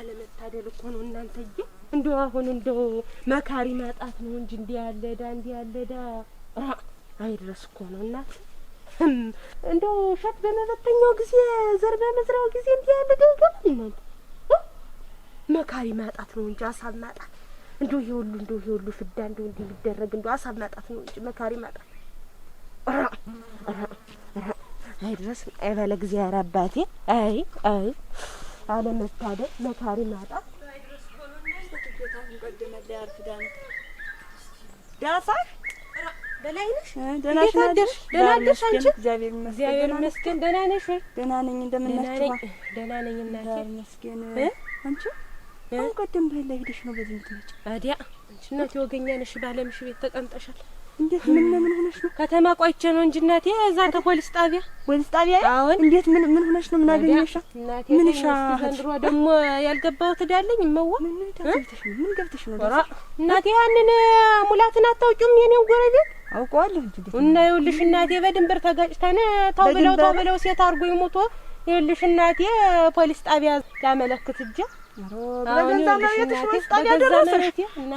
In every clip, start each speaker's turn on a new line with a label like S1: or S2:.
S1: አለመታደል እኮ ነው እናንተዬ። እንደው አሁን እንደው መካሪ ማጣት ነው እንጂ እንዲህ ያለ ዕዳ እንዲህ ያለ ዕዳ አይድረስ እኮ ነው እናት። እንደው እሸት በመበተኛው ጊዜ ዘር በመዝራው ጊዜ እንዲህ ያለ ዕዳ ይገባል እናንተ። መካሪ ማጣት ነው እንጂ አሳብ ማጣት እንደው ይሄ ሁሉ እንደው ይሄ ሁሉ ፍዳ እንደው እንዲህ ቢደረግ እንደው አሳብ ማጣት ነው እንጂ መካሪ ማጣት አይ አይባለ ጊዜ ኧረ አባቴ አይ አይ አለመታደል ለካሪ ማጣ ዳሳ ደህና ነሽ? ደህና ነሽ? አንቺ እግዚአብሔር ይመስገን ደህና ነሽ ደህና ነኝ። እንደምን ናችሁ? ደህና ነኝ እናቴ ይመስገን። አንቺ አሁን ቀደም በላ አንቺ እናቴ ወገኛ ነሽ፣ ባለምሽ ቤት ተቀምጠሻል። እንዴት? ምን ምን ሆነሽ ነው? ከተማ ቆይቼ ነው እንጂ እናቴ፣ እዛ ተፖሊስ ጣቢያ ፖሊስ ጣቢያ። አዎ፣ እንዴት? ምን ምን ሆነሽ ነው? ምን አገኘሽ? ምን ሻህ ዘንድሮ ደግሞ ያልገባው ትዳለኝ መዋ ምን ገብተሽ ነው? ምን ገብተሽ ነው? እናቴ ያንን ሙላትን አታውቂውም? የኔን ጎረቤት አውቀዋለሁ እንጂ እና ይኸውልሽ እናቴ በድንበር ተጋጭተን ተው ብለው ተው ብለው ሴት አድርጎኝ ሙቶ ይኸውልሽ እናቴ ፖሊስ ጣቢያ ላመለክት እጃ በገዛ መሬት ሽጣን ያደረሰሽ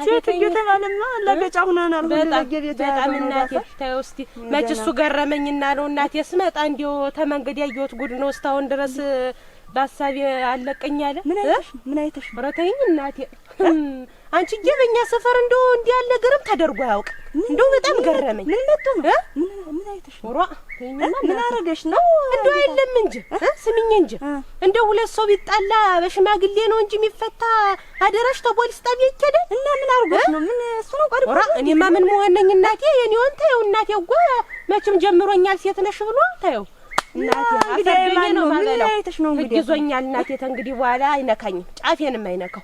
S1: ሴት እየተባለማ ለገጫ ሁነናል። በጣም እናቴ ታየው እስኪ መች እሱ ገረመኝና ነው እናቴ ስመጣ እንዲያው ተመንገድ ያየሁት ጉድ ነው። እስካሁን ድረስ በሀሳቤ አለቀኝ አለ። ምን አይተሽ ምን አይተሽ ኧረ ተይኝ እናቴ አንቺዬ በእኛ ሰፈር እንዶ እንዲህ ያለ ገረም ተደርጎ ያውቅ እንዶ በጣም ገረመኝ። ምን መጥቶ ነው? ምን አይተሽ ነው? ምን አረገሽ ነው? እንዶ አይደለም እንጂ ስምኝ እንጂ እንደው ሁለት ሰው ቢጣላ በሽማግሌ ነው እንጂ የሚፈታ አደረሽ ተፖሊስ ጣቢያ ይከደ እና ምን አርጎሽ ነው? ምን እሱ ነው ቀርቦ እኔማ ምን መሆን ነኝ እናቴ የኔውን ታየው እናቴ ጓ መቼም ጀምሮኛል ሴት ነሽ ብሎ ታየው ይዞኛል እናቴ። ተንግዲህ በኋላ አይነካኝም፣ ጫፌንም አይነካው።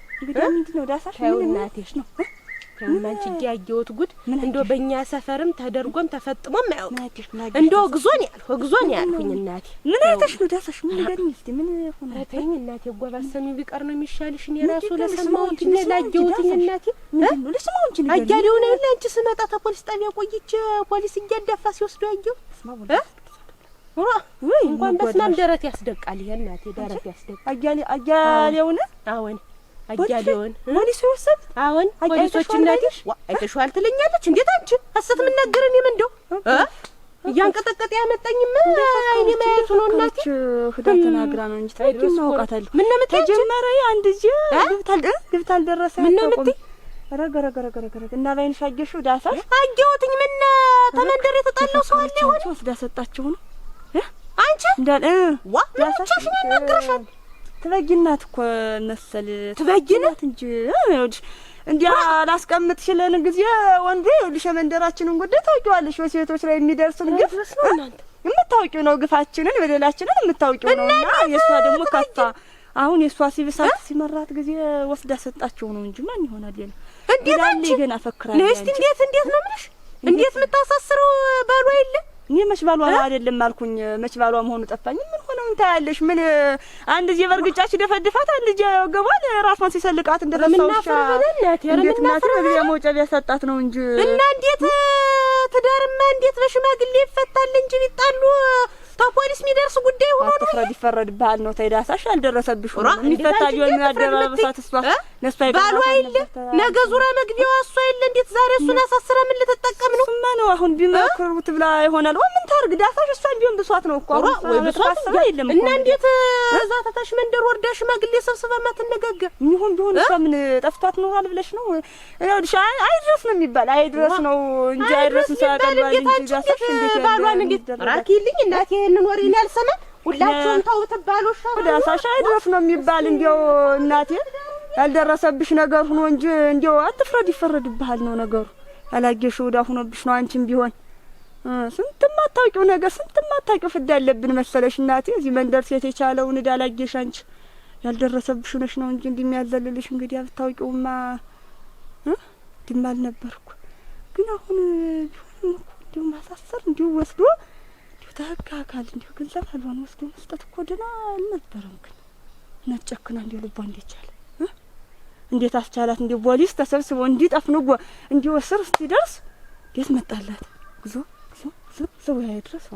S1: እናቴሽ ነው ማንቺ ያየሁት ጉድ እንዶ በእኛ ሰፈርም ተደርጎም ተፈጥሞም አያውቅም። እንዶ እግዞን ያልሁ እግዞን ያልሁኝ እናቴ። ምን አይተሽ ነው ዳሳሽ? ምን ገርኝ እስቲ ምን ሆነ? ተይኝ እናቴ፣ ጓባሰሚ ቢቀር ነው የሚሻልሽ። እኔ ራሱ ለሰማሁት ለላየሁትኝ እናቴ አያሌውን ይኸውልህ፣ አንቺ ስመጣ ተፖሊስ ጣቢያ ቆይቼ ፖሊስ እያዳፋ ሲወስዱ ያየሁ እንኳን በስማም ደረት ያስደቃል። ይሄ እናቴ ደረት ያስደቃል። አያሌ አያሌውን አያሌውን ፖሊስ ፖሊሶች እናቴ አይተሽዋል ትለኛለች። እንዴት አንቺ ሀሰት እያንቀጠቀጠ አይኔ ማየቱ ነው እናቴ። ተናግራ ነው እንጂ ታይቶ ምን ነው የምትይ? ጀመረ አንድ ግብታል ግብታል ደረሰ። ምን ነው የምትይ? እና ላይንሽ አየሽው? ዳሳሽ አየሁትኝ። ምን ተመንደር የተጣለው ሰው አለ ይሆን? ወስዳ ነው አንቺ እንዳል ዋ ምን ብቻሽን ያናግረሻል? ትበጊናት እኮ መሰል ትበጊናት እንጂ እንዴ እንዲያ ላስቀምጥሽልን ጊዜ ወንዱ ይኸውልሽ የመንደራችንን ጉዳይ ታውቂዋለሽ። በሴቶች ላይ የሚደርሱን ግፍ የምታውቂው ነው። ግፋችንን በደላችንን የምታውቂው ነው። እና የእሷ ደግሞ ከፋ። አሁን የእሷ ሲብሳት ሲመራት ጊዜ ወስዳ ሰጣቸው ነው እንጂ ማን ይሆናል? ሌላ እንዴት አንቺ ገና ፈክራለሁ። እስቲ እንዴት እንዴት ነው የምልሽ? እንዴት የምታሳስረው ባሉ የለ እኔ መች ባሏ አይደለም አልኩኝ። መች መሆኑ ጠፋኝ። ምን ሆነ? ሆነው እንታያለሽ? ምን አንድ ጊዜ በርግጫች ደፈድፋት አንድ ጊዜ ገቧል ራሷን ሲሰልቃት እንደረሳውሻ መውጫ ቢያሳጣት ነው እንጂ እና እንዴት ትዳርማ እንዴት በሽማግሌ ይፈታል እንጂ ቢጣሉ ተፖሊስ የሚደርስ ጉዳይ ሆኖ ነው። አትፍረድ፣ ይፈረድብሃል ነው። ተይ ዳሳሽ አልደረሰብሽ ሆኖ የሚፈታ ቢሆን ምን አደረበሳት? እሷ ነስፋ ባሉ አይደል ነገ ዙራ መግቢያዋ እሷ አይደል? እንዴት ዛሬ እሱን አሳስረ ምን ልትጠቀም ነው? ስማ ነው አሁን ቢመክሩት ብላ ይሆናል። ወይ ምን ታርግ ዳሳሽ? እሷ ቢሆን ብሷት ነው እኮ አሁን ወይ ብሷት የለም እና እንዴት እዛ ተታሽ መንደር ወርዳ ሽማግሌ ሰብስባ ማትነጋገር ይሁን ቢሆን እሷ ምን ጠፍቷት ኖሯል ብለሽ ነው? አይድረስ ነው የሚባል አይድረስ ነው እንጂ አይድረስ ሰዓት አልባ እንጂ ዳሳሽ እንዴት ባሏን እንዴት ራኪልኝ እናቴ ይህንን ወሬ እኔ አልሰማም። ሁላችሁም ተው ትባሉ ዳሳሻ አይድረስ ነው የሚባል እንዲያው እናቴ ያልደረሰብሽ ነገር ሁኖ እንጂ እንዲያው አትፍረድ፣ ይፈረድብሃል ነው ነገሩ። ያላየሽው ዕዳ ሁኖብሽ ነው። አንቺም ቢሆን ስንት ማታውቂው ነገር ስንት ማታውቂው ፍዳ ያለብን መሰለሽ እናቴ። እዚህ መንደር ሴት የቻለውን ዕዳ ላየሽ አንቺ ያልደረሰብሽ ነሽ ነው እንጂ እንደሚያዘልልሽ እንግዲህ አብታውቂውማ ድም አልነበርኩ ግን አሁን ቢሆንም እኮ እንዲሁ ማሳሰር እንዲሁ ወስዶ ከህግ አካል እንዲሁ ገንዘብ አልባን ወስዶ መስጠት እኮ ድና አልነበረም። ግን እውነት ጨክና እንዲሁ ልቧ እንዴት ቻለ? እንዴት አስቻላት? እንዲሁ ፖሊስ ተሰብስቦ እንዲጠፍ ንጎ እንዲሁ እስር እስኪደርስ እንዴት መጣላት? ጉዞ ጉዞ ጉዞ ጉዞ ወይ ድረስ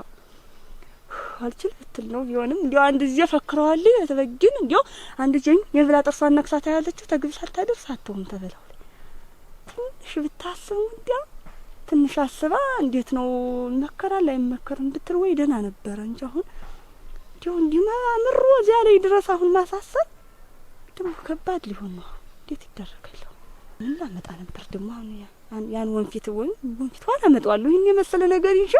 S1: አልችል ብትል ነው ቢሆንም እንዲያው አንድ ጊዜ ፈክረዋል ተበጊን እንዲያው አንድ ጀኝ የብላ ጥርሷን ነክሳታ ያለችው ተግብሳ አታደርስ አትሆን ተበላው ትንሽ ብታስቡ እንዲያው ትንሽ አስባ እንዴት ነው ይመከራል አይመከርም ብትል ወይ ደህና ነበረ እንጂ አሁን እንዲሁ ምሮ እዚያ ላይ ድረስ አሁን ማሳሰብ ደግሞ ከባድ ሊሆን ነው። እንዴት ይደረጋል? ምን ላመጣ ነበር ደግሞ አሁን ያን ወንፊት ወይ ወንፊት ዋላ እመጣዋለሁ። ይህን የመሰለ ነገር ይዤ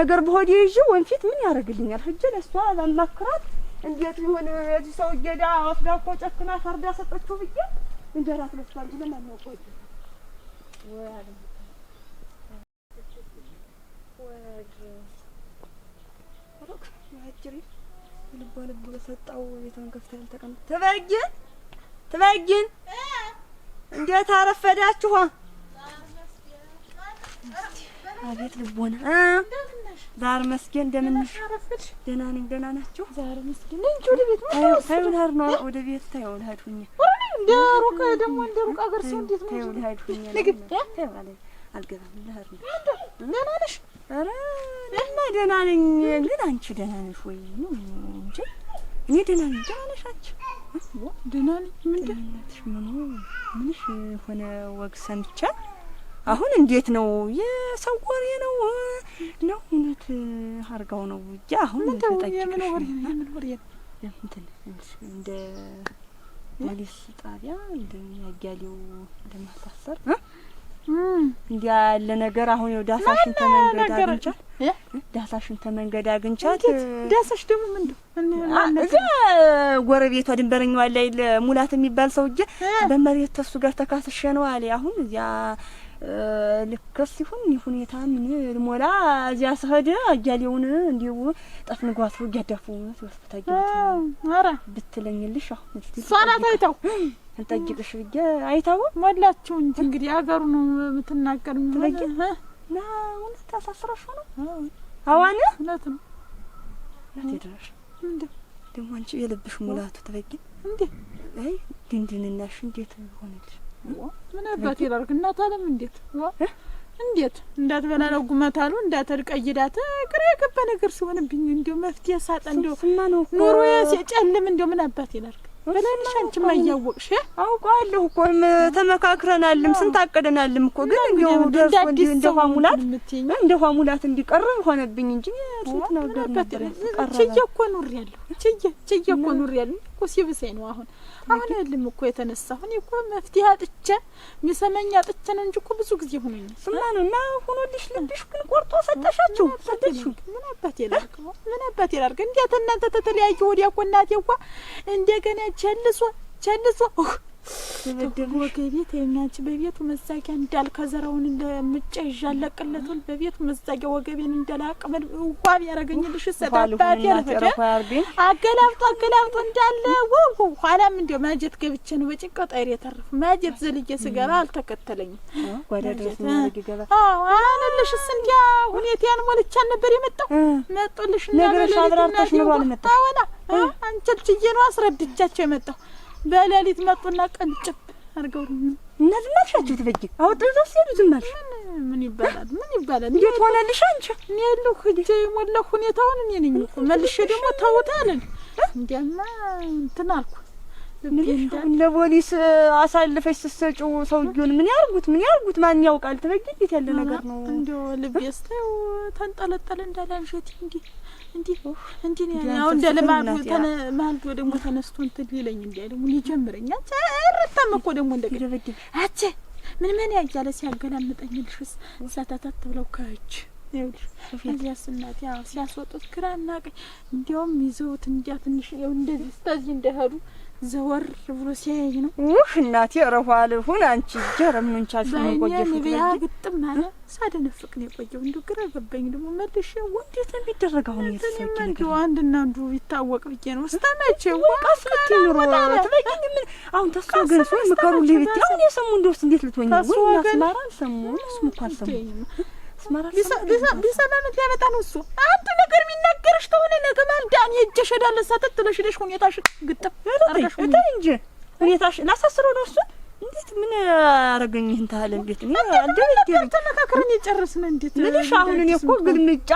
S1: ነገር በሆዴ ይዤ ወንፊት ምን ያደርግልኛል? ሂጅ ለእሷ አማክራት እንዴት ሊሆን እዚህ ሰው ገዳ ወስዳ እኮ ጨክና ፈርዳ ሰጠችው ብዬ እንጀራ ትለስፋል ብለን አናውቀ ወይ አለም ችሬ ልቧ ልቡ በሰጣው ቤቷን ከፍታ ያልተቀመጠ ትበይን ትበይን እንዴት አረፈዳችኋ አቤት ልቦና ዛር መስገን እንደምንሽ ደህና ነኝ። ደህና ናችሁ? ዛር መስገን እንጂ ወደ ቤት ታዩ ልሂድ ነው። ወደ ቤት ታዩ ልሂድ ሁኜ እንደ ሩቅ ደግሞ እንደ ሩቅ አገር ሰው እንዴት ነው? ታዩ ልሂድ ሁኜ አልገባም። ልሂድ ነው። ደህና ነሽ? ኧረ ደህና ደህና ነኝ። ግን አንቺ ደህና ነሽ ወይ እንጂ እኔ ደህና ነኝ። ደህና ነሽ አንቺ? ደህና ነኝ። ምንድን ነው ምንሽ የሆነ ወግ ሰምቻ አሁን እንዴት ነው የሰው ወሬ ነው ነው እውነት አርጋው ነው እ አሁን የምን ወሬ የምን ወሬ እንትን እንደ ፖሊስ ጣቢያ እንደ ያያሌው ለማሳሰር እንዲያ ያለ ነገር አሁን ያው ዳሳሽን ተመንገድ አግኝቻት ዳሳሽን ተመንገድ አግኝቻት። ዳሳሽ ደግሞ ምንድን እዚያ ጎረቤቷ ድንበረኛዋ ላይ ሙላት የሚባል ሰው እጄ በመሬት ተሱ ጋር ተካስሸ ነው አለ። አሁን እዚያ ልክስ ይሁን ሁኔታ ምን ልሞላ እዚያ ስሄድ አያሌውን እንዲሁ ጠፍ ንጓት እያዳፉ ወስታ ብትለኝልሽ አሁን እሷ ታይተው ልጠይቅሽ ብዬ አይታወ ሞላችሁ እንጂ እንግዲህ አገሩ ነው የምትናገር ትበየ ለእውነት አሳስረሹ ነው አዋነ እውነት ነው ድረሽ እንዴ ደግሞ አንቺ የልብሽ ሙላቱ ትበየ እንዴ አይ ድንድንናሽ እንዴት ሆነልሽ? ምን አባት ይላልክ እናት አለም እንዴት እንዴት እንዳትበላ ነው ጉመት አሉ እንዳትቀይዳት ግራ የገባ ነገር ሲሆንብኝ እንዲሁ መፍትሄ ሳጠ እንዲሁ ኑሮ ሲጨልም እንዲሁ ምን አባት ይላልክ ትላለሽ። አንቺማ እያወቅሽ አውቃለሁ እኮ ተመካክረናልም ስንት አቅደናልም እኮ ግን እንደው ደርሶ እንደ ኋሙላት እንደ ኋሙላት እንዲቀርብ ሆነብኝ እንጂ ስንት ነገር ነበር። ችዬ እኮ ኑሬያለሁ ችዬ ችዬ እኮ ኑሬያለሁ እኮ ሲብሰኝ ነው። አሁን አሁን ያልም እኮ የተነሳ አሁን እኮ መፍትሄ አጥቼ የሚሰማኝ አጥቼ ነው እንጂ እኮ ብዙ ጊዜ ሆኖኛል። ስማኑ እና ሆኖልሽ ልብሽ ግን ቆርጦ ሰጠሻቸው ሰጠሽው። ምን አባት ላድርግ ምን አባቴ ላድርግ? እንዴት እናንተ ተተለያየ ወዲያ እኮ እናቴ እኮ እንደገና ቸልሶ ቸልሶ ደግሞ ከቤት የሚያች በቤቱ መዛጊያ እንዳል ከዘራውን ለምጫ ይዣለቅለቱን በቤቱ መዛጊያ ወገቤን እንዳላቅመል ዋብ ያረገኝልሽ አገላብጦ አገላብጦ እንዳለ ወው ኋላም ማጀት ገብቼ ነው ጠይር የተረፍ ማጀት ስገባ አልተከተለኝም። እንዲያ ሁኔታን ሞልቻን ነበር የመጣው መጡልሽ ነገሮች ነው ባልመጣ ወላ አንቸልችዬ ነው የመጣው በሌሊት መጡና ቀንጭብ አርገው እና ዝም አልሻችሁ። ትበጊ አወጥረው ዘው ሲሄዱ ዝም አልሽ። ምን ይባላል? ምን ይባላል? እንዴት ሆነልሽ አንቺ? እኔ ያለሁ ሂጅ የሞላሁ ሁኔታውን እኔ ነኝ እኮ መልሼ ደግሞ ታውታ አለን። እንዲያማ እንትን አልኩ። ለፖሊስ አሳልፈሽ ስትሰጪው ሰውዬውን ምን ያርጉት? ምን ያርጉት? ማን ያውቃል? ትበጊ እንዴት ያለ ነገር ነው። እንዲያው ልቤስ ተንጠለጠለ እንዳለ አንሸቴ እንዲህ እንዲህ እንደ ልማዱ ማልዶ ደግሞ ተነስቶ እንትን ሊለኝ እንዲ ደግሞ ሊጀምረኝ አንቺ እኮ ደግሞ እንደ ገደበድ ምን ምን ያያለ ሲያገላምጠኝ ልሽስ ሳታታት ብለው ከእጅ እዚያስ ያው ሲያስወጡት ግራና ቀኝ እንዲያውም ይዘውት እንዲያ ትንሽ እንደዚህ እስከዚህ እንደሄዱ ዘወር ብሎ ሲያየኝ ነው። ውህ እናቴ ረኋል ሁን አንቺ ጀረምኑንቻሽ ነው ቆየሽ ብያ ግጥም አለ ሳደነፍቅ ነው የቆየው። እንዲሁ ግራ ገባኝ። ደግሞ መልሼ ወዴት ነው የሚደረግ አሁን? የተሰኪ ነው አንድና አንዱ ይታወቅ ብዬ ነው። ስታናቸ ወቃስከቲ ኑሮ ትበቂኝ ምን አሁን ተሱ ወገን ሰው ምከሩ ልብት አሁን የሰሙ እንደውስ እንዴት ልትሆኝ ነው? ወይስ ሰሙ ስሙ እንኳን ሰሙ ቢሰማምት ሊያመጣ ነው እሱ። አንድ ነገር የሚናገርሽ ተሆነ ነገ ማልዳ እኔ እጀሽ እሄዳለሁ ትለሽ ሄደሽ ሁኔታሽ ግጥም እንትን እንጂ ሁኔታሽ ላሳስረው ነው እሱን እንዴት ምን አረገኝ? ይህን ታህል እንዴት ተመካክረን የጨረስን እንዴት ምንሽ? አሁን እኔ እኮ ግልምጫ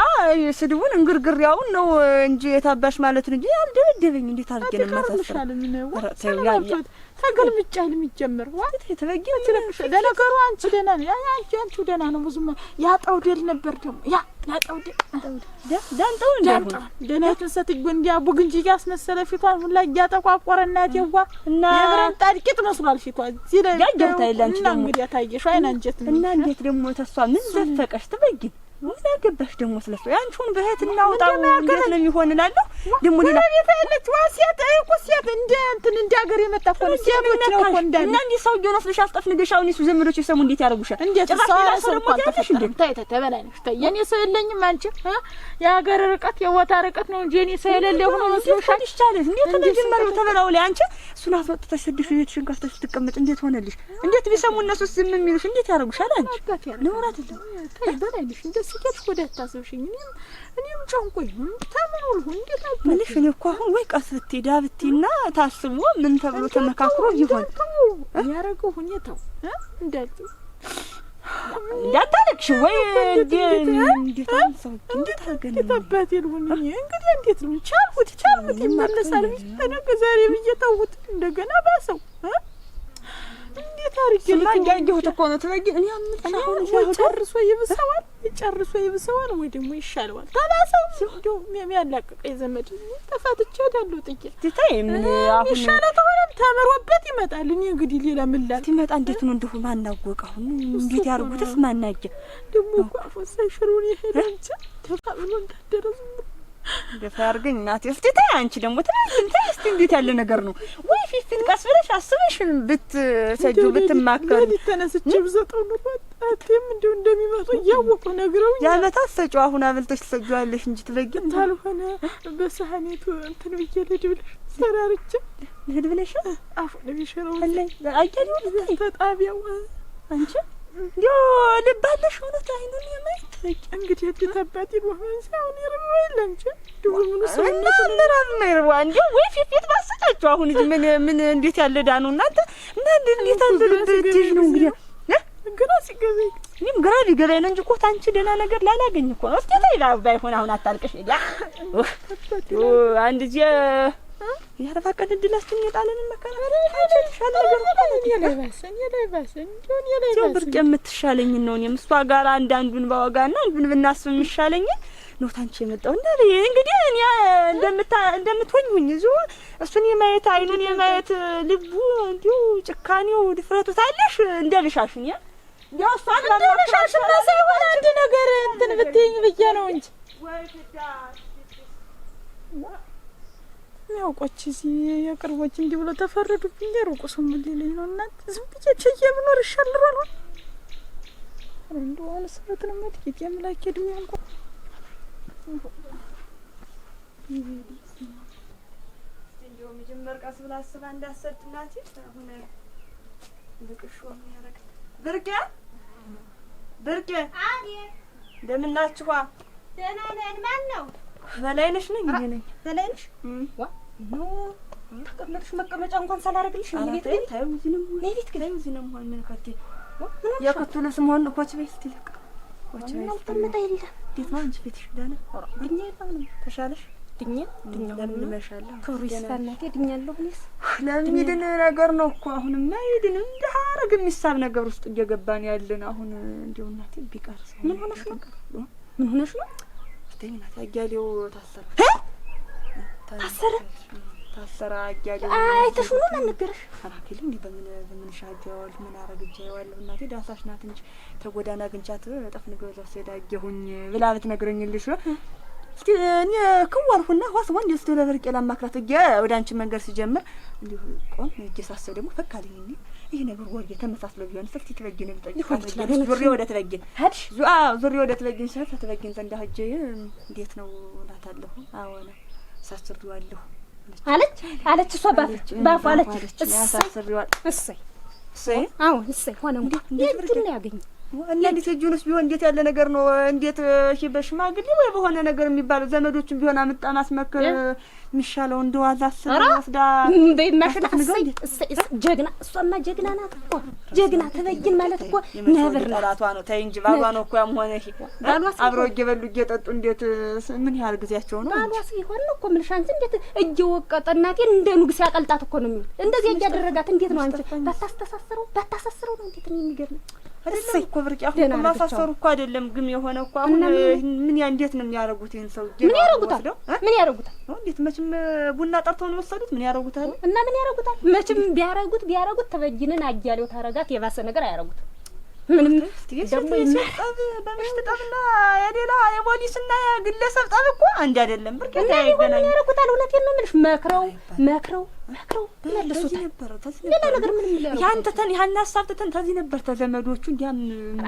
S1: ስድቡን እንግርግር ነው እንጂ የታባሽ ማለቱን እንጂ አልደበደበኝ። እንዴት አድርጌ ነው ማሳሰር ተገልምጫ ነው የሚጀምረው። ለነገሩ አንቺ ደህና ነው አንቺ አንቺ ደህና ነው። ብዙም ያጣው ደል ነበር ደግሞ ያ ያጣው ደል ዳንጣው እንዳልሆነ ደህናቱን ሰትጎ እንዲያ ቡግንጂ ያስመሰለ ፊቷን ሁላ እያጠቋቆረ እናት የዋ እና የብረን ጣድቂት መስሏል ፊቷ እዚህ ላይ ጋር ገብታ የለ አንቺ ደግሞ እና እንግዲህ ታየሽ አይን አንጀት እና እንዴት ደግሞ ተሷ ምን ዘፈቀሽ ትበይኝ ምን አገባሽ ደግሞ ስለሱ ያንቺውን በእህት እናውጣው እንዴት ነው የሚሆን እላለሁ። ደግሞ ሌላ ቤት ያለች ዋ ሴት እኮ ሴት እንደ እንትን እንደ ሀገር የመጣ እኮ ነው ሴቶች ነው እኮ እንደ እና እንዲህ ሰውዬው ነው ስልሽ አስጠፍንልሽ። አሁን የሱ ዘመዶች እንዴት ያደርጉሻል? እንዴት ሰው ሰው እኮ ተፈሽ እንዴ ታይ ታይ ተበላልሽ ታይ የኔ ሰው የለኝም። አንቺ የሀገር ርቀት የቦታ ርቀት ነው እንጂ የኔ ሰው የሌለ ሆኖ ነው ስለሻል ይቻለሽ እንዴ? ተጀመረው ተበላው ላይ አንቺ እሱን አስወጥተሽ ስድሽ ልጅሽን ካስተሽ ትቀመጥ እንዴት ሆነልሽ? እንዴት ቢሰሙ እነሱስ ዝም የሚሉሽ እንዴት ያደርጉሻል? አንቺ ነውራት ነው ተበላልሽ እንዴት እያልሽ ወደ አታስብሽኝ። እኔም እኔም ጨንቆኝ ተምሮ ልሁን እንዴት ነበር ምልሽ። እኔ እኮ አሁን ወይ ቀስ ብቲ ዳ ብትይ እና ታስቦ ምን ተብሎ ተመካክሮ ይሆን ያረገው ሁኔታው እንዳት እንዳታለቅሽ ወይ እንዴት ሰው እንዴት አገኘ አባቴ ልሁን እንግዲህ እንዴት ነው ቻልሁት ቻልሁት ይመለሳል ብዬ ዛሬ ብዬ ተውሁት እንደገና ባሰው እንዴት አሪፍ እና እያየሁት እኮ ነው ትበጊ እኔ አምጣና አሁን ወይ ጨርሶ ይብሰዋል፣ ጨርሶ ይብሰዋል ወይ ደግሞ ይሻለዋል። ተባሰው እንደው የሚያላቅቀ ዘመድ ተፋትቼ እሄዳለሁ ጥዬ ትታይ ምን አሁን ይሻለ ተሆነም ተምሮበት ይመጣል። እኔ እንግዲህ ሌላ ምን ላድርግ ይመጣ እንዴት ነው እንደሁ ማናወቀ አሁን እንዴት ያርጉትስ ማናጀ ደግሞ ቋፎ አፎ ሳይሽሩን ይሄዳል ተፋብሎ እንዳደረሱ ገፋ አድርገኝ እናቴ። እስቲ ተይ አንቺ ደግሞ ትናንትን ተይ እስቲ እንዴት ያለ ነገር ነው ወይ? ፊፊን ቀስ ብለሽ አስበሽ ብትሰጁ ብትማከሩ ተነስቼ ብዘጠው ነው አቴም እንደው እንደሚመጡ እያወቁ ነግረውኝ ያመታ ሰጩ። አሁን አብልተሽ ትሰጂዋለሽ እንጂ ትበጊም ታልሆነ በሳህኔቱ እንትን ብዬ ልሂድ ብለሽ ሰራርቼ ልሂድ ብለሽ አፉን ቢሸረው አይ አያሌው ተጣቢያው አንቺ እንዲያው ልባለሽ እውነት አይኑን የማይ እንግዲህ እድት አባቴ በሆንስ አሁን ይርባ የለንች ድቡምኑ ሰውነትምራብ ማይርባ እንዲያው ወይ ፊትፊት ባሰጫቸው አሁን ምን ምን እንዴት ያለ ዳኑ እናንተ እናንድ እንዴት አንድ ልብ ነው እንግዲህ ግራ ሲገበኝ እኔም ግራ ቢገበኝ ነው እንጂ እኮ ታንቺ ደህና ነገር ላላገኝ እኮ ነው። እስቲ ተይ ባይሆን አሁን አታልቅሽ ሄዳ አንድ ጊዜ የአርባ ቀን እድላችን የጣለን መከራ ይሻል ነገር የላይባሰን የላይባሰን እንዲሁን የላይባሰን ብርቅ የምትሻለኝን ነው። እኔም እሷ ጋር አንድ አንዱን ባወጋና አንዱን ብናስብ የሚሻለኝን ነው። ታንቺ የመጣው እንዳለ እንግዲህ እኔ እንደምታ እንደምትሆኝ እዚሁ እሱን የማየት አይኑን የማየት ልቡ እንዲሁ ጭካኔው ድፍረቱ ታለሽ እንደልሻሽን ያ ያው እሷን እንደልሻሽና ሳይሆን አንድ ነገር እንትን ብትይኝ ብዬ ነው እንጂ የሚያውቆች እዚህ የቅርቦች እንዲህ ብሎ ተፈረዱብኝ። የሩቁ ስሙ ሊለኝ ነው። እናት ዝም ብዬ ቸየ ምኖር ይሻልራል አልሆን እንደሆነ ስበት ነው መጥቂት የምላክ እድሜ እንኳ እንዲሁ መጀመር ቀስ ብላ አስባ እንዳሰድ እናት አሁን ልቅሾ ያረግ ብርቄ ብርቄ እንደምናችኋ ደህና ነን። ማን ነው በላይነሽ ነኝ እኔ ነኝ በላይነሽ ዋ ተቀመጥሽ መቀመጫ እንኳን ሳላደርግልሽ ቤት ቤት ግን ልብስ መሆን ኮች ቤት ትልቅ ኮች ቤት አልተመጣ እንዴት ነው አንቺ ቤትሽ ደህና ድኛ የለም ተሻለሽ ድኛ ድኛ ለምን መሻለ ክብሩ ይስፋ እናቴ ድኛለሁ ብለሽ ለሚድን ነገር ነው እኮ አሁንማ ይድን እንዳረግ የሚሳብ ነገር ውስጥ እየገባን ያለን አሁን እንደው እናቴ ቢቀር ምን ሆነሽ ነው ምን ሆነሽ ነው አትይኝ እናቴ አያሌው ታሰረ ታሰረ ታሰረ። አይተሽ ነው ማን ነገረሽ? እንዴ በምን በምን ሻጃዋል ምን አረግጃዋለሁ? እናቴ ዳሳሽ ናት እንጂ ተጎዳና ግንቻት እጠፍ ነገር ዘው ሲሄድ አየሁኝ ብላ ብትነግረኝልሽ እስኪ እኔ ክዋልሁና ዋስ ወንድ ስቶ ለበርቄ ላማክራት እያ ወደ አንቺ መንገድ ሲጀምር እንዲሁ ቆም እጄ ደግሞ ፈካልኝ እኔ ይሄ ነገር ወሬ ተመሳስሎ ቢሆን ሰክቲ ትበጊን ብጠይቅ ዙሪ ወደ ትበጊን ሄድሽ ዙሪ ወደ ትበጊን ሰት ትበጊን ዘንዳ ሂጅ እንዴት ነው እላታለሁ። አዎ ነው አሳስሬዋለሁ አለች አለች እሷ ባፏ አለች እሰይ እሰይ እሰይ ሆነ እንግዲህ እንዴት ነው ያገኘው እና እንዴት እጁንስ ቢሆን እንዴት ያለ ነገር ነው? እንዴት እሺ፣ በሽማግሌ ወይ በሆነ ነገር የሚባለው ዘመዶችን ቢሆን አምጣ ማስመከር የሚሻለው እንደው አላስብ ወስዳ በይማሽን አሰይ ጀግና። እሷማ ጀግና ናት እኮ ጀግና ተበይን ማለት እኮ ነብር ጠላቷ ነው። ተይ እንጂ ባሏ ነው እኮ ያም ሆነ እሺ፣ አብረው እየበሉ እየጠጡ እንዴት ምን ያህል ጊዜያቸው ነው? ባሏ ሲሆን ነው እኮ ምን ሻንስ እንዴት እየወቀጠ እናቴ እንደ ንጉስ ያቀልጣት እኮ ነው የሚል እንደዚህ እያደረጋት እንዴት ነው አንቺ ባታስተሳስረው ባታሳስረው ነው እንዴት ነው የሚገርመኝ አይደለም እኮ ብርቅ አሁን እኮ ማሳሰሩ እኮ አይደለም ግን የሆነ እኮ አሁን ምን ያ እንዴት ነው የሚያደርጉት? ይሄን ሰው ምን ያደርጉታል? ምን ያደርጉታል? እንዴት መቼም ቡና ጠርተው ነው ወሰዱት። ምን ያደርጉታል? እና ምን ያደርጉታል? መቼም ቢያደርጉት ቢያደርጉት ተበጅንን አያሌው ታረጋት የባሰ ነገር አያደርጉት ምንም ደግሞ ጠብ የፖሊስና የግለሰብ ጠብ እኮ አንድ አይደለም። ብር ሆነ የምልሽ። መክረው መክረው መክረው መልሱታል። ምንም ያን ትተን ያን ሀሳብ ትተን ተዚህ ነበር ተዘመዶቹ እንዲያም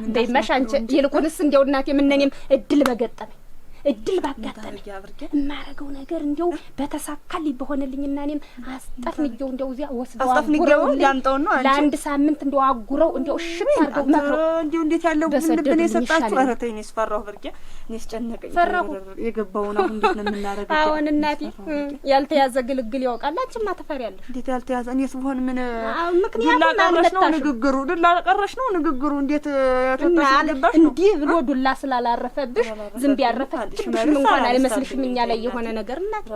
S1: እንዳይመሽ አንቺ ይልቁንስ እንዲያው እናቴ ምነኔም እድል በገጠመኝ እድል ባጋጠመ የማረገው ነገር እንዲያው በተሳካልኝ በሆነልኝና እኔም አስጠፍንጌው እንዲያው እዚያ ወስደው አጉረው ያንጠው ነው ለአንድ ሳምንት እንዲያው አጉረው እንዲያው እሽት አርገው መክረው እንዲሁ እንዴት ያለው ልብን የሰጣችሁ ኧረ ተይ እኔስ ፈራሁ። ብርጌ እኔስ ጨነቀኝ። ፈራሁ የገባው ነው እንዴት ነው የምናረገው? አሁን እናቴ ያልተያዘ ግልግል ያውቃል። አንቺማ ትፈሪያለሽ። እንዴት ያልተያዘ እኔስ ብሆን ምን ምክንያቱም ቀረሽ ንግግሩ ዱላ ቀረሽ ነው ንግግሩ እንዴት ያተጣሽ ገባሽ ነው እንዲህ ብሎ ዱላ ስላላረፈብሽ ዝም ቢያረፈ አልመሰልሽም እንኳን አልመስልሽም እኛ ላይ የሆነ ነገር እናት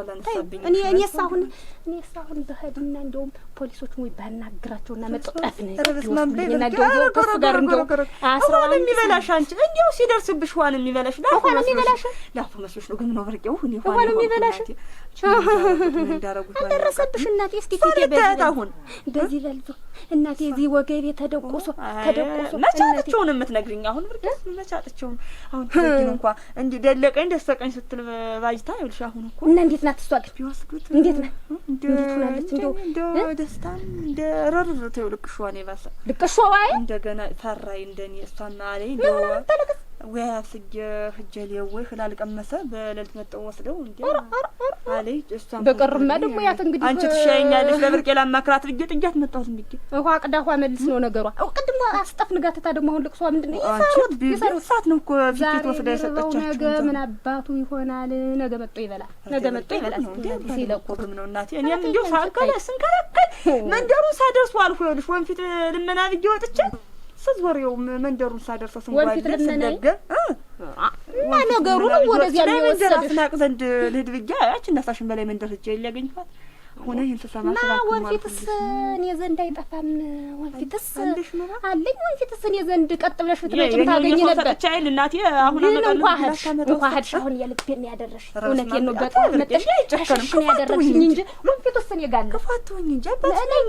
S1: እኔ እኔ ሳሁን እኔ ሳሁን በህድና እንደውም ፖሊሶች ወይ ባናግራቸውና መጠጣፍ ነው ከእሱ ጋር እንደው የሚበላሽ አንቺ እንዲያው ሲደርስብሽ ዋን የሚበላሽ ላሁን የሚበላሽ ላፉ መስሎሽ ነው ግን ነው በርቄው ሁን ዋን የሚበላሽ ደረሰብሽ እናቴ። እስቲ ፊቴ በዚህ አሁን በዚህ ለልጆ እናቴ እዚህ ወገቤ ተደቆሶ ተደቆሶ መቻጥቸውን የምትነግሪኝ አሁን ብርገስ መቻጥቸውን አሁን ትግን እንኳ እንዲ ደለቀኝ ደሰቀኝ ስትል ባጅታ ይልሽ አሁን እኮ እና እንዴት ናት እሷ ግን እንዴት ናት እንዴት ሆናለች እንደው ደስታም እንደ ረርር ተው ልቅሿን የባሰ ልቅሿ ባይ እንደገና ፈራይ እንደኔ እሷ ማለኝ ደዋ ወይ ስጀ ህጀል ወይ ህላል ቀመሰ በሌሊት መጠው ወስደው እንዴ አለ እሷም በቀርማ ደግሞ ያት እንግዲህ አንቺ ትሻኛለሽ ለብርቄ ላማክራት ብዬ ጥያት መጣሁት። እንዴ እኮ አቅዳ ውሃ መልስ ነው ነገሯ። ቅድም አስጠፍ ንጋተታ ደግሞ አሁን ልቅሷ ምንድን ነው? ይሰሩት ይሰሩት ሰዓት ነው እኮ ፊት ወስዳ የሰጠቻቸው። ነገ ምን አባቱ ይሆናል? ነገ መጥቶ ይበላል። ነገ መጥቶ ይበላል። እንዴ ሲለቁብም ነው እናቴ። እኔም እንዴ ሳልከለ ስንከለከል መንደሩ ሳደርሱ አልሁ ይኸውልሽ ወንፊት ልመና ብዬ ወጥቼ ስትዞሪው መንደሩን ሳደርሰው ስንጓለ ስንደገ እና ነገሩ ወደዚያ ወሰደ። ስናቅ ዘንድ ልሂድ ብዬሽ ያቺ እናሳሽን በላይ መንደር ሂጅ ሊያገኝኳት ሆነ ይህን ስሰማ ወንፊትስ እኔ ዘንድ አይጠፋም። ወንፊትስ አለኝ። ወንፊትስ እኔ ዘንድ ቀጥ ብለሽ ታገኝ ነበር። እናቴ አሁን እንኳ እህልሽ እንኳ እህልሽ አሁን የልቤን ያደረሽ እውነቴን ነው። በጣም መጠሽ ሸሽ ያደረግሽኝ እንጂ ወንፊትስ እኔ ጋር ነው እንጂ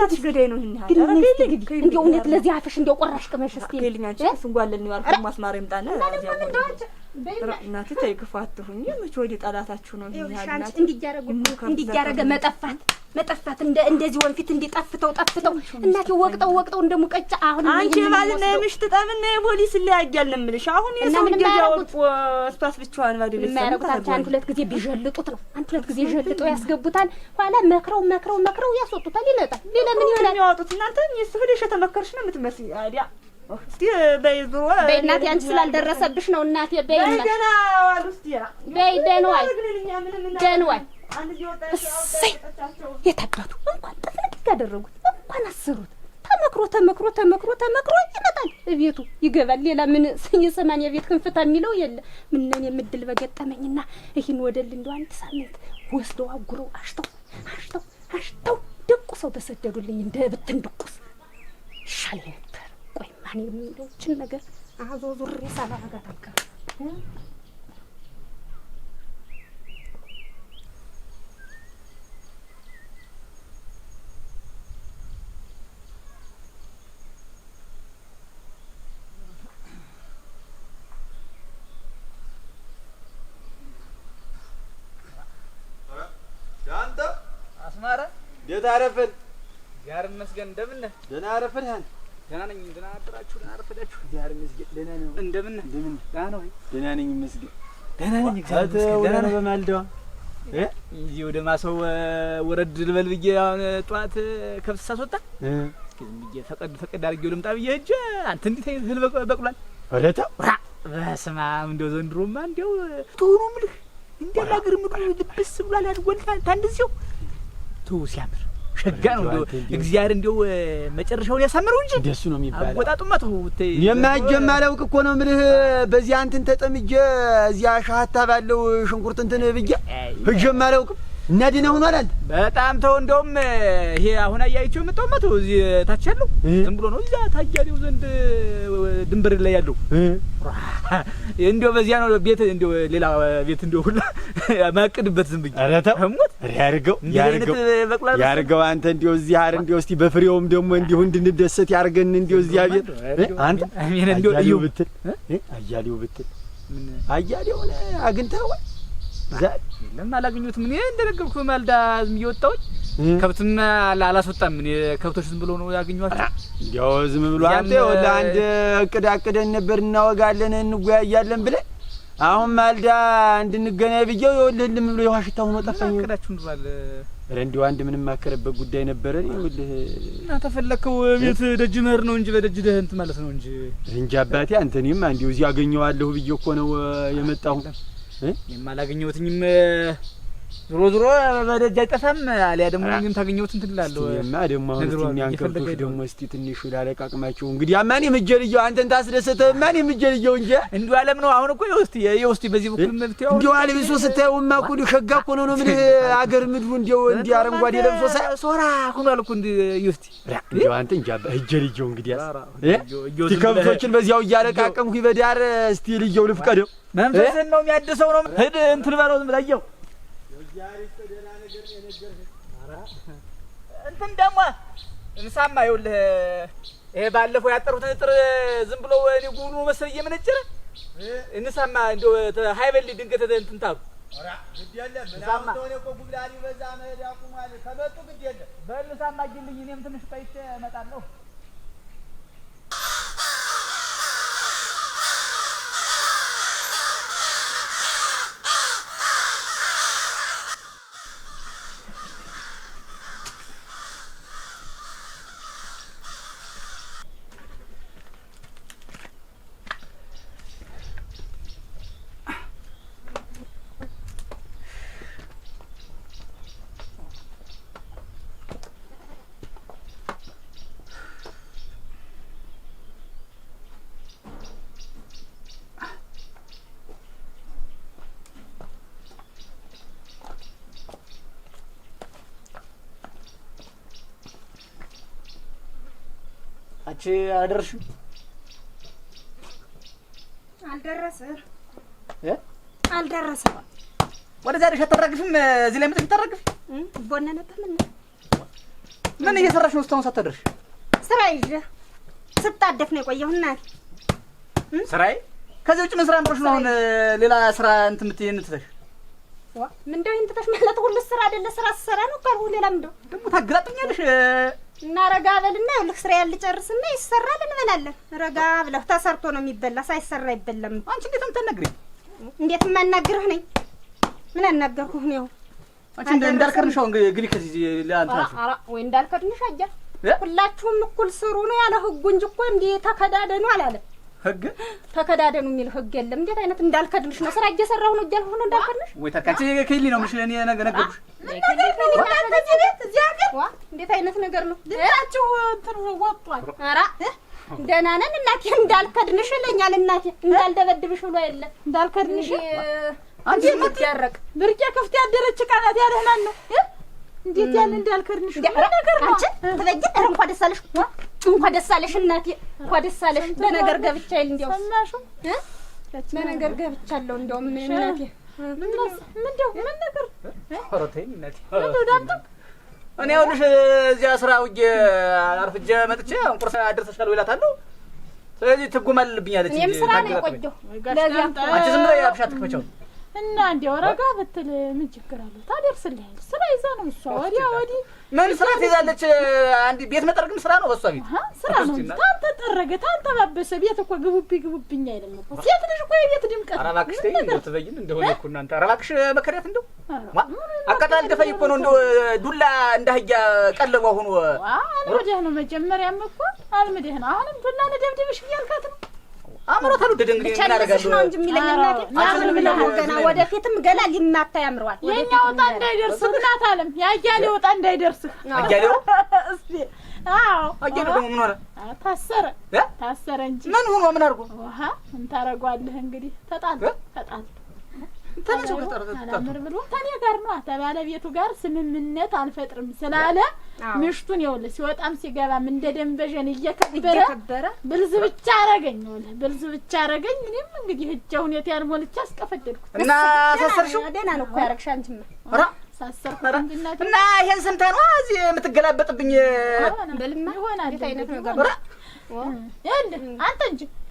S1: ናትሽ ገዳይ ነው። ይህን እንዲ እውነት ለዚህ አፍሽ እንዲ ቆራሽ ቅመሽ ስቴ ልኛንችን ስንጓለል ያልኩ ማስማር ይምጣነ እናቴ ተይ ክፉ አትሁኝ። መቼ ወዲህ ጠላታችሁ ነው እንዲያረገ መጠፋት መጠፋት እንደዚህ ወንፊት እንዲጠፍተው ጠፍተው እናቴ ወቅጠው ወቅጠው እንደ ሙቀጫ። አሁን አንቺ የባልና የምሽት ጠብና የፖሊስ ይለያያል ነው የምልሽ። አሁን የሰው ልጅ ስፓስ ብቻዋን ባዶ የማያረጉታቸው አንድ ሁለት ጊዜ ቢዠልጡት ነው አንድ ሁለት ጊዜ ዠልጠው ያስገቡታል። ኋላ መክረው መክረው መክረው ያስወጡታል። ይመጣል። ሌላ ምን ይሆናል? ያወጡት እናንተ ስ ሄደሽ የተመከርሽ ነው የምትመስል አዲያ እስቲ በይ በይ እናቴ፣ አንቺ ስላልደረሰብሽ ነው እናቴ። በይ በይ ደንዋይ ደንዋይ። እሰይ የታባቱ እንኳን ጥፍንቅ ያደረጉት እንኳን አሰሩት። ተመክሮ ተመክሮ ተመክሮ ተመክሮ ይመጣል እቤቱ ይገባል። ሌላ ምን ቤት ክንፍታ የሚለው የለ። ምነን የምድል በገጠመኝና ይህን ወደል እንደው አንድ ሳምንት ወስደው አጉረው አሽተው አሽተው አሽተው ደቁሰው በሰደዱልኝ እንደ ብትን ድቁስ እኔ የምንለው ነገር አዞ ዙሬ ሳላረጋት አልቀርም። እንዴት አረፈን? እንደምን ነህ? ደህና ያን ደህና ነኝ። ደህና አደራችሁ? ደህና አረፈዳችሁ? እግዚአብሔር ይመስገን ደህና ነው። እንደምን እንደምን? ደህና ነው። ደህና ነኝ ይመስገን። ደህና ነኝ እግዚአብሔር ይመስገን። ደህና ነው። በማልደዋ እዚህ ወደ ማሰው ወረድ ልበል ብዬ አሁን ጠዋት ከብት ሳስወጣ ዝም ብዬ ፈቀድ ፈቀድ አድርጌው ልምጣ ብዬ ሂጅ አንተ እንዴት እህል በቅሏል? ወለታ ወራ በስመ አብ እንደው ዘንድሮማ እንደው ትሆኑ ምልህ እንደ ሀገር ምድሩ ልብስ ብሏል ሲያምር ሸጋ ነው እንደው እግዚአብሔር እንደው መጨረሻውን ያሳምረው እንጂ እንደሱ ነው የሚባለው። አወጣጡማ ተው የማያጀማ አላውቅ እኮ ነው የምልህ። በዚያ እንትን ተጠምጄ እዚያ ሻሀታ ባለው ሽንኩርት እንትን ብዬ ህጀማ አላውቅም። እና ደህና ሆኗል አንተ በጣም ተው። እንደውም ይሄ አሁን አያይቼው የምጠውማ ተው። እዚህ ታች ያለው ዝም ብሎ ነው እዚያ ታያሌው ዘንድ ድንበር ላይ ያለው እንዲያው በዚያ ነው ቤት እንዲያው ሌላ ቤት እንዲያው ሁላ ማቅድበት ዝም ብዬ አረታ ተው ያርገው ያርገው ያርገው አንተ እንዲያው እዚህ አር እንዲያው እስቲ በፍሬውም ደግሞ እንዲሁ እንድንደሰት ያርገን እንዲያው እዚያ ቤት አንተ አሜን እንዲያው እዩ ብትል አያሌው ብትል አያሌውን አግኝተኸዋል ዛሬ የለም አላገኘሁትም እኔ እንደነገርኩህ ማልዳ ዝም እየወጣሁኝ ከብትና አላስወጣም። እኔ ከብቶች ዝም ብሎ ነው ያገኘኋቸው። እንዲያው ዝም ብሎ አንተ ወደ አንድ እቅድ አቅደን ነበር እናወጋለን እንጓያያለን ብለን አሁን ማልዳ እንድንገናኝ ብዬው ይኸውልህ ልም ብሎ የውሃ ሽታ ሆኖ ጠፋኝ። እቅዳችሁ እንባል ኧረ እንዲሁ አንድ የምንማከርበት ጉዳይ ነበረ። ይኸውልህ እና ተፈለግከው ቤት ደጅ መሄድ ነው እንጂ በደጅ ደህ እንትን ማለት ነው እንጂ እንጂ አባቴ አንተ እኔማ እንዲሁ እዚህ አገኘዋለሁ ብዬ እኮ ነው የመጣሁ። እኔማ አላገኘሁትኝም ዞሮ ዞሮ በደጅ አይጠፋም። አሊያ ደግሞ እኔም ታገኘሁትን ትላለህ እና ደግሞ አሁን እስኪ የሚያንከብቶች ደግሞ እስኪ ትንሹ ላለቃቅማቸው እንግዲህ ማን የምጀልየው አንተን ታስደሰተህ ማን የምጀልየው እንጂ እንዲሁ አለም ነው። አሁን እኮ ይኸው እስኪ በዚህ በኩል ምብትያው እንዲሁ አለብሶ ስታየውማ እኮ እንዲሁ ሸጋ እኮ ነው ነው ምን አገር ምድሩ እንዲው እንዲ አረንጓዴ ለብሶ ሳ ሶራ ሆኗል እኮ እንዲህ ይኸው እስኪ እንዲሁ አንተ እንጃ እጀልየው እንግዲህ ያስ ከብቶችን በዚያው እያለቃቀምኩ በዳር እስቲ ልየው ልፍቀደው መንፈስን ነው የሚያድሰው ነው ሂድ እንትን በለው ዝም ብላየው እንትን ደግሞ እንሳማ ይኸውልህ፣ ይሄ ባለፈው ያጠሩት ንጥር ዝም ብሎ ጉሉ መስል እየመነጨረ እንሳማ እንደው ሀይበል ድንገት እንትን ታሉ በል እንሳማ ግልኝ፣ እኔም ትንሽ ቆይቼ እመጣለሁ። አንቺ አደርሽ አልደረሰ እ አልደረሰ ወደዚያ አይደሽ አታራግፊም። እዚህ ላይ መጥተሽ ታራግፊ ቦነ ምን እየሰራሽ ነው? እስካሁን ሳታደርሽ ስራ ይዤ ስታደፍ ነው የቆየሁት። እናቴ ስራዬ ከዚህ ውጭ ምን ስራ አምሮሽ ነው? አሁን ሌላ ስራ እንትን የምትይን ትተሽ ምንድነው? ይሄን ትተሽ ማለት ሁሉ ስራ አይደለ? ስራ ስሰራ ነው ካልሁ ሌላ ምንድነው ደግሞ ታገላጥኛለሽ እና ረጋ በልና ይኸውልህ ስራ ያልጨርስና ይሰራል እንበላለን። ረጋ ብለህ ተሰርቶ ነው የሚበላ፣ ሳይሰራ አይበላም። አንቺ እንዴት የምታናግሪኝ? እንዴት የማናግርህ ነኝ? ምን አናገርኩህ ነው? አንቺ እንዳልከድንሽ እንግዲህ ግሪ ከዚህ ለአንተ አራ ወይ እንዳልከድንሽ አያ ሁላችሁም እኩል ስሩ ነው ያለ ህጉ እንጂ እኮ እንዲህ ተከዳደኑ አላለም። ህግ ተከዳደኑ የሚል ህግ የለም። እንዴት አይነት እንዳልከድንሽ ነው። ስራ እየሰራሁ ነው እያልሁ ነው እንዳልከድንሽ ወይ ተካች ክሊ ነው ምሽል እኔ ነገር ነገርኩሽ። እንዴት አይነት ነገር ነው ልታችሁ እንትን ወጥቷል። ኧረ ደህና ነን እናቴ። እንዳልከድንሽ ይለኛል እናቴ። እንዳልደበድብሽ ብሎ የለ እንዳልከድንሽ አንቺ ምትያረቅ ብርቄ ክፍት ያደረች ቃላት ያደህናን ነው እንዴት ያን እንዳልከድንሽ ነገር ነው። አንቺ ትበይ። ኧረ እንኳን ደስ እንኳን ደስ አለሽ እናቴ፣ እንኳን ደስ አለሽ። በነገር ገብቻል እንዲያው ሰማሹ በነገር ገብቻለሁ እንዲያውም እናቴ። ምን ነገር እኔ ይኸውልሽ እዚያ ስራ ውዬ አርፍጄ መጥቼ አሁን አድርሰሻል ብላታለሁ። ስለዚህ ትጉማልልብኛለች። እኔም ስራ ነው የቆየሁ። ለዚያ አንቺ ዝም ብለሽ እና እንዲያው ረጋ ብትል ምን ችግር አለው? ታደርስልህ። ስራ ይዛ ነው እሷ ወዲያ ወዲህ ምን ስራ ትይዛለች? አንድ ቤት መጠረግም ስራ ነው በእሷ ቤት ስራ ነው። ታንተ ጠረገ ታንተ ባበሰ ቤት እኮ ግቡብ ግቡብኝ አይደለም እኮ ሴት ልጅ እኮ የቤት ድምቀት። ኧረ እባክሽ ተይ እንደው ትበይን እንደሆነ እኮ እናንተ ኧረ እባክሽ መከሪያት እንደው አቃጣል ደፈይ እኮ ነው እንደው ዱላ እንዳህያ ቀለቧ ሆኖ አልምደህ ነው መጀመሪያም እኮ አልምደህ ነው አሁንም ዱላ ነደብድብሽ እያልካት ነው አምሮት አሉ ደደን እንግዲህ ምን አደረጋለሁ ነው እንጂ የሚለኝ ምን ነው ገና ወደፊትም ገና ሊማታ ያምረዋል። የኛ ወጣ እንዳይደርስ ብናት አለም ያያሌ ወጣ እንዳይደርስ ያያሌው እስቲ አዎ አያሌው ደግሞ ምን ሆነ? ታሰረ ታሰረ እንጂ ምን ሆኖ ምን አድርጎ? አሃ ምን ታረጋለህ እንግዲህ ተጣል ተጣል ተምር ጋር ነው ከባለቤቱ ጋር ስምምነት አልፈጥርም ስላለ ምሽቱን ይኸውልህ ሲወጣም ሲገባም እንደ ደንበዥን እየከበረ ብልዝ ብቻ አረገኝ። ይኸውልህ ብልዝ ብቻ አረገኝ። እኔም እንግዲህ እጃ ሁኔታ ያልሞልቻ አስቀፈደድኩት እና ሳሰርሽው ደህና ነው እኮ ያረግሻ አንቺማ ኧረ እና ይሄን ሰምታ እዚህ የምትገላበጥብኝ። በልማ ይሆናል አይነት ነገር አንተ እንጂ